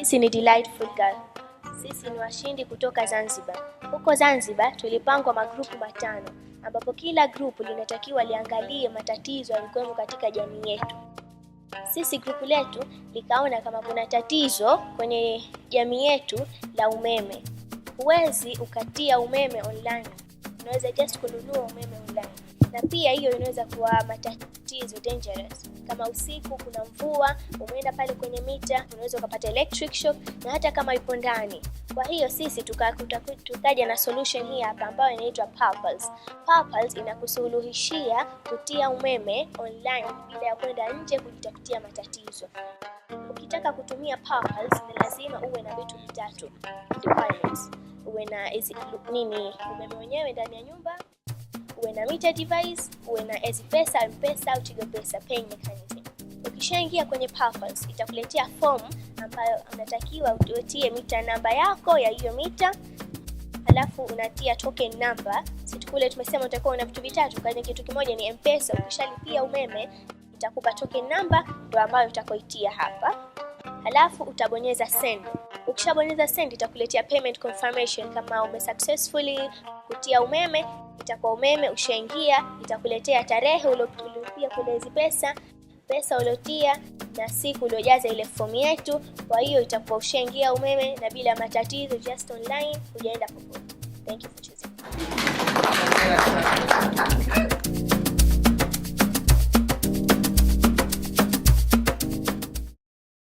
Sisi ni Delightful Girl. Sisi ni washindi kutoka Zanzibar. Huko Zanzibar tulipangwa magrupu matano ambapo kila grupu linatakiwa liangalie matatizo yalikuwemo katika jamii yetu. Sisi grupu letu likaona kama kuna tatizo kwenye jamii yetu la umeme. Huwezi ukatia umeme online, unaweza just kununua umeme online na pia hiyo inaweza kuwa matatizo dangerous. Kama usiku kuna mvua, umeenda pale kwenye mita, unaweza ukapata electric shock, na hata kama ipo ndani. Kwa hiyo sisi tukaja na solution hii hapa ambayo inaitwa inakusuluhishia kutia umeme online bila ya kwenda nje kujitafutia matatizo. Ukitaka kutumia ni lazima uwe na vitu vitatu uwe na nini, umeme wenyewe ndani ya nyumba uwe na meter device, uwe na Ezi Pesa, M-Pesa au Tigo Pesa Pay mechanism. Ukishaingia kwenye Purpose, itakuletea form ambayo unatakiwa utie mita namba yako ya hiyo mita, halafu unatia token number. Sisi kule tumesema utakuwa una vitu vitatu, kwani kitu kimoja ni Mpesa. pesa Ukishalipia umeme itakupa token number ndio ambayo utakoitia hapa, halafu utabonyeza send. Ukishabonyeza send itakuletea payment confirmation kama ume successfully kutia umeme itakuwa umeme ushaingia, itakuletea tarehe uliolipia kule hizi pesa, pesa uliotia na siku uliojaza ile fomu yetu. Kwa hiyo itakuwa ushaingia umeme na bila matatizo, just online, hujaenda popote. Thank you.